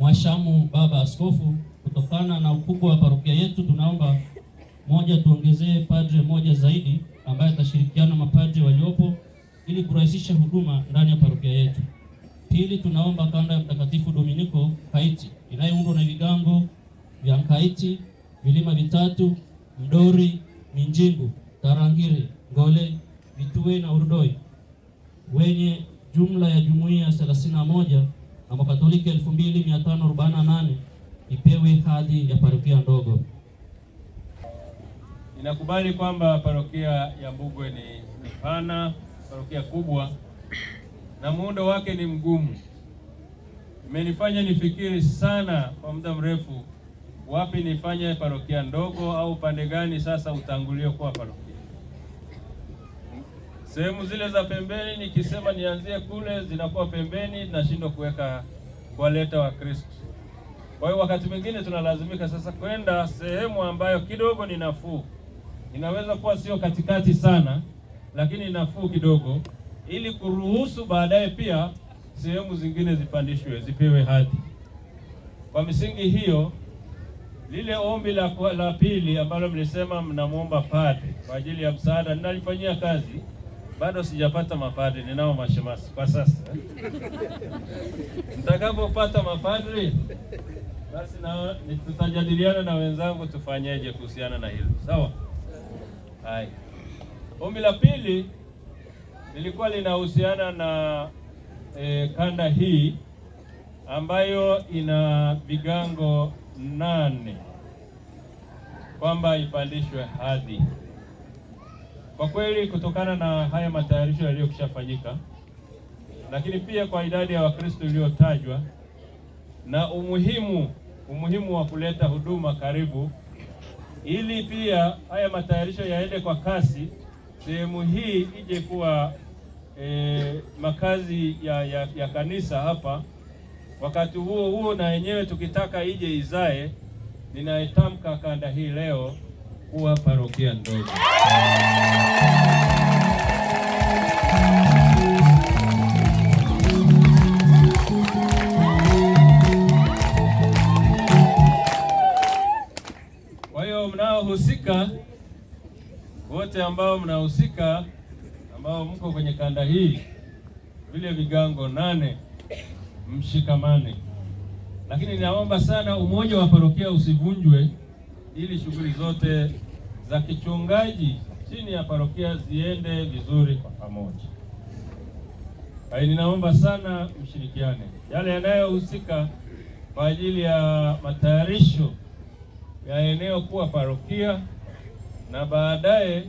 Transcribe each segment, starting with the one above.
Mwashamu Baba Askofu, kutokana na ukubwa wa parokia yetu, tunaomba moja, tuongezee padre moja zaidi ambaye atashirikiana mapadre waliopo ili kurahisisha huduma ndani ya parokia yetu. Pili, tunaomba kanda ya Mtakatifu Dominiko Kaiti inayoundwa na vigango vya Kaiti, vilima vitatu, Mdori, Minjingu, Tarangire, Ngole, Vituwe na Urdoi wenye jumla ya jumuiya 31 na Makatoliki 2548 ipewe hadhi ya parokia ndogo. Ninakubali kwamba parokia ya Mbugwe ni pana, parokia kubwa na muundo wake ni mgumu. Imenifanya nifikiri sana kwa muda mrefu, wapi nifanye parokia ndogo au pande gani sasa utangulie kuwa parokia sehemu zile za pembeni, nikisema nianzie kule zinakuwa pembeni, nashindwa kuweka kuwaleta Wakristo. Kwa hiyo wakati mwingine tunalazimika sasa kwenda sehemu ambayo kidogo ni nafuu, inaweza kuwa sio katikati sana, lakini nafuu kidogo, ili kuruhusu baadaye pia sehemu zingine zipandishwe, zipewe hadhi. Kwa misingi hiyo, lile ombi la, la pili ambalo mlisema mnamwomba padre kwa ajili ya msaada, ninalifanyia kazi bado sijapata mapadri, ninao mashemasi kwa sasa. Nitakapopata mapadri basi na tutajadiliana na wenzangu tufanyeje kuhusiana na hilo. Sawa. Haya, ombi la pili lilikuwa linahusiana na e, kanda hii ambayo ina vigango nane kwamba ipandishwe hadhi. Kwa kweli kutokana na haya matayarisho yaliyokishafanyika, lakini pia kwa idadi ya Wakristo iliyotajwa na umuhimu umuhimu wa kuleta huduma karibu, ili pia haya matayarisho yaende kwa kasi, sehemu hii ije kuwa e, makazi ya, ya, ya kanisa hapa. Wakati huo huo na yenyewe tukitaka ije izae, ninaitamka kanda hii leo kuwa parokia ndogo. Kwa hiyo mnaohusika wote ambao mnahusika ambao mko kwenye kanda hii, vile vigango nane, mshikamane, lakini naomba sana umoja wa parokia usivunjwe ili shughuli zote za kichungaji chini ya parokia ziende vizuri kwa pamoja. Hai, ninaomba sana mshirikiane yale yanayohusika kwa ajili ya matayarisho ya eneo kuwa parokia na baadaye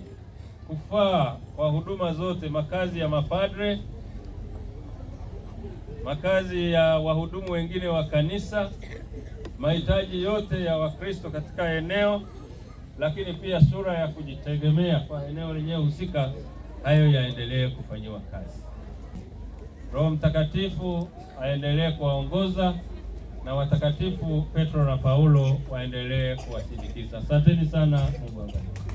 kufaa kwa huduma zote, makazi ya mapadre, makazi ya wahudumu wengine wa kanisa mahitaji yote ya Wakristo katika eneo, lakini pia sura ya kujitegemea kwa eneo lenyewe husika, hayo yaendelee kufanyiwa kazi. Roho Mtakatifu aendelee kuwaongoza na watakatifu Petro na Paulo waendelee kuwasindikiza. Asanteni sana, Mungu awabariki.